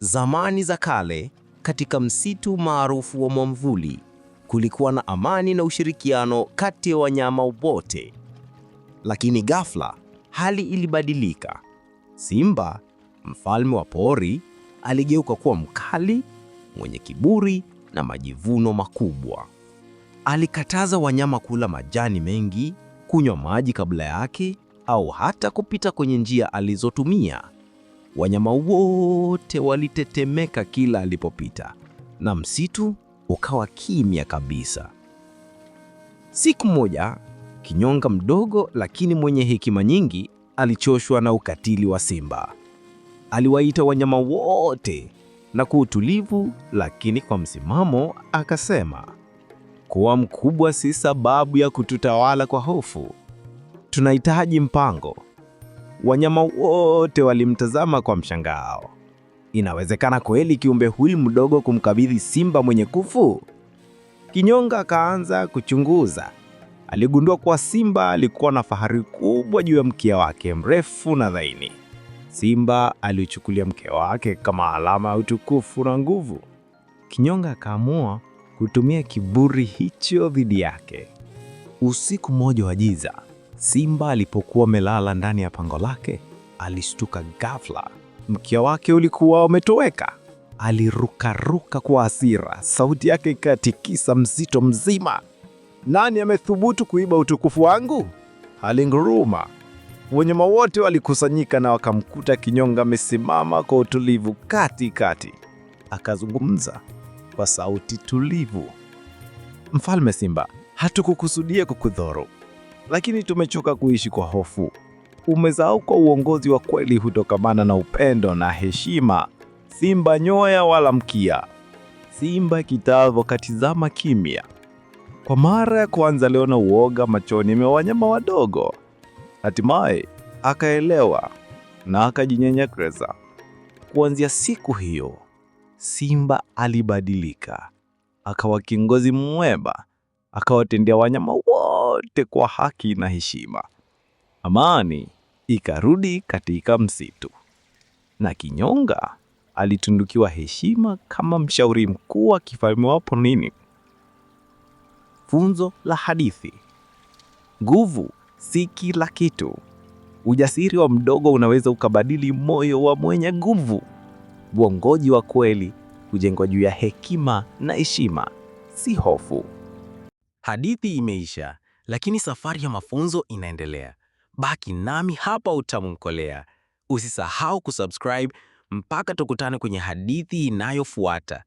Zamani za kale, katika msitu maarufu wa Mwamvuli, kulikuwa na amani na ushirikiano kati ya wanyama wote. Lakini ghafla, hali ilibadilika. Simba, mfalme wa pori, aligeuka kuwa mkali, mwenye kiburi na majivuno makubwa. Alikataza wanyama kula majani mengi, kunywa maji kabla yake, au hata kupita kwenye njia alizotumia. Wanyama wote walitetemeka kila alipopita na msitu ukawa kimya kabisa. Siku moja, kinyonga mdogo lakini mwenye hekima nyingi alichoshwa na ukatili wa simba. Aliwaita wanyama wote na kwa utulivu lakini kwa msimamo akasema, kuwa mkubwa si sababu ya kututawala kwa hofu. Tunahitaji mpango. Wanyama wote walimtazama kwa mshangao. Inawezekana kweli kiumbe huyu mdogo kumkabidhi simba mwenye kufu? Kinyonga akaanza kuchunguza. Aligundua kuwa simba alikuwa na fahari kubwa juu ya mkia wake mrefu na dhaini. Simba alichukulia mkia wake kama alama ya utukufu na nguvu. Kinyonga akaamua kutumia kiburi hicho dhidi yake. Usiku mmoja wa giza, Simba alipokuwa amelala ndani ya pango lake, alishtuka ghafla. Mkia wake ulikuwa umetoweka. Alirukaruka kwa hasira, sauti yake ikatikisa mzito mzima. Nani amethubutu kuiba utukufu wangu? Alinguruma. Wanyama wote walikusanyika na wakamkuta kinyonga amesimama kwa utulivu katikati. Akazungumza kwa sauti tulivu, Mfalme Simba, hatukukusudia kukudhuru lakini tumechoka kuishi kwa hofu. Umesahau kwa uongozi wa kweli hutokamana na upendo na heshima, simba nyoya wala mkia. Simba kitavo katizama kimya. Kwa mara ya kwanza aliona uoga machoni mwa wanyama wadogo. Hatimaye akaelewa na akajinyenyekeza. Kuanzia siku hiyo, Simba alibadilika, akawa kiongozi mweba, akawatendea wanyama wote kwa haki na heshima. Amani ikarudi katika msitu, na Kinyonga alitundukiwa heshima kama mshauri mkuu wa kifalme wa Funzo la hadithi: nguvu si kila kitu. Ujasiri wa mdogo unaweza ukabadili moyo wa mwenye nguvu. Uongozi wa kweli hujengwa juu ya hekima na heshima, si hofu. Hadithi imeisha, lakini safari ya mafunzo inaendelea. Baki nami hapa utamumkolea Usisahau kusubscribe mpaka tukutane kwenye hadithi inayofuata.